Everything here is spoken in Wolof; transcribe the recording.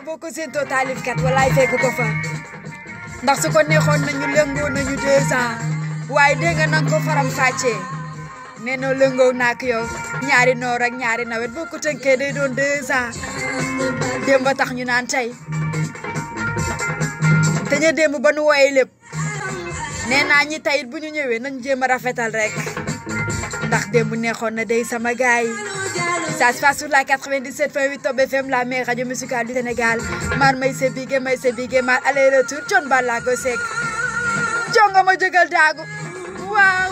Ah, boo ko séentoo taalifkat walaay fekk ko fa ndax su ko neexoon nañu lëngoo nañu deux ans waaye dégg nga nanga ko faram fàccee nee na lëngoo naak yow ñaari noor ak ñaari nawet boo ko tënkee day doon deux ans démb ba tax ñu naan tey te ñu démb ba nu woyee lépp nee naa ñi tayit bu ñu ñëwee nañ jéem a rafetal rek ndax démb neexoon na day sama gaay ça se passe sur la 97.8 Top FM la meilleure radio musicale du Sénégal maar may se bigé a se bigé maar aller retour Thione Ballago Seck jongo ma jógal dago waaw